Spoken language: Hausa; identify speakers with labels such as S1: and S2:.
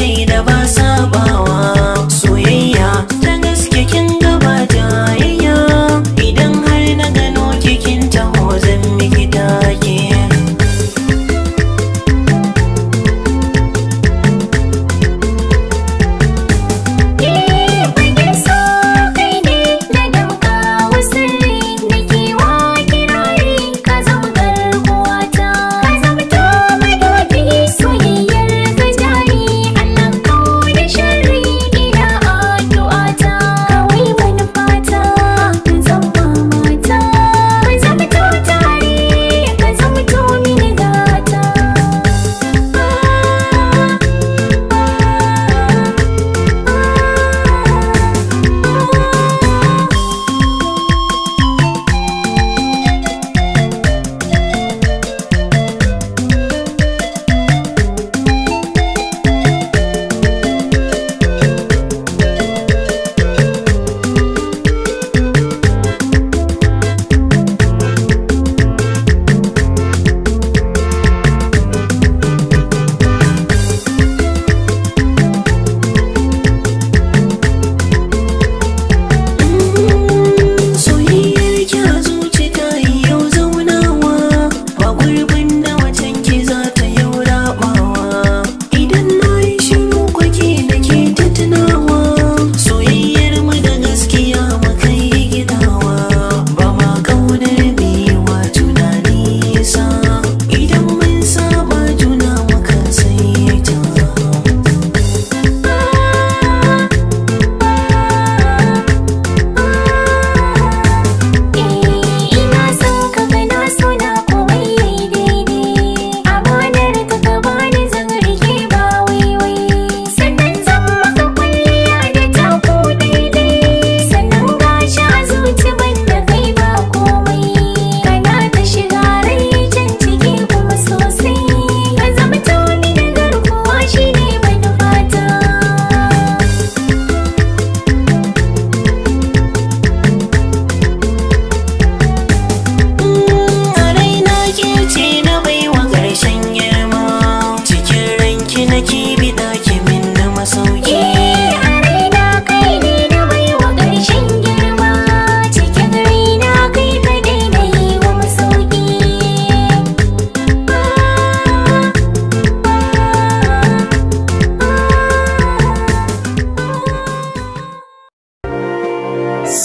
S1: ce da ba